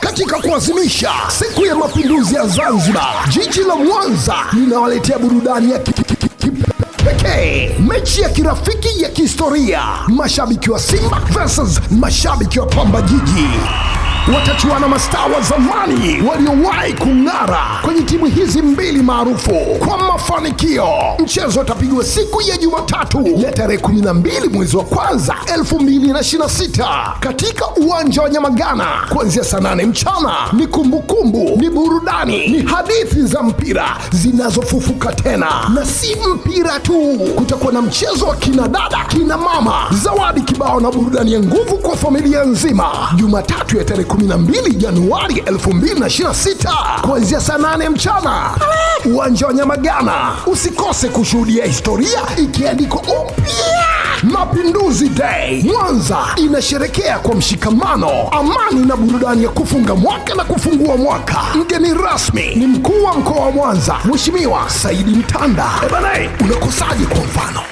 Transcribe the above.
Katika kuazimisha siku ya mapinduzi ya Zanzibar, jiji la Mwanza linawaletea burudani ya kipekee, mechi ya kirafiki ya kihistoria, mashabiki wa Simba versus mashabiki wa Pamba Jiji watachuana mastaa wa zamani waliowahi kung'ara kwenye timu hizi mbili maarufu kwa mafanikio. Mchezo utapigwa siku ya Jumatatu ya tarehe 12 mwezi wa kwanza 2026 katika uwanja wa Nyamagana kuanzia saa nane mchana. Ni kumbukumbu kumbu, ni burudani, ni hadithi za mpira zinazofufuka tena, na si mpira tu. Kutakuwa na mchezo wa kina dada, kina mama, zawadi kibao na burudani ya nguvu kwa familia nzima Jumatatu ya tarehe 12 Januari 2026 kuanzia saa 8 mchana uwanja wa Nyamagana. Usikose kushuhudia historia ikiandikwa upya. Mapinduzi Day Mwanza inasherekea kwa mshikamano, amani na burudani ya kufunga mwaka na kufungua mwaka. Mgeni rasmi ni mkuu wa mkoa wa Mwanza Mheshimiwa Saidi Mtanda. Ebana, unakosaje? Kwa mfano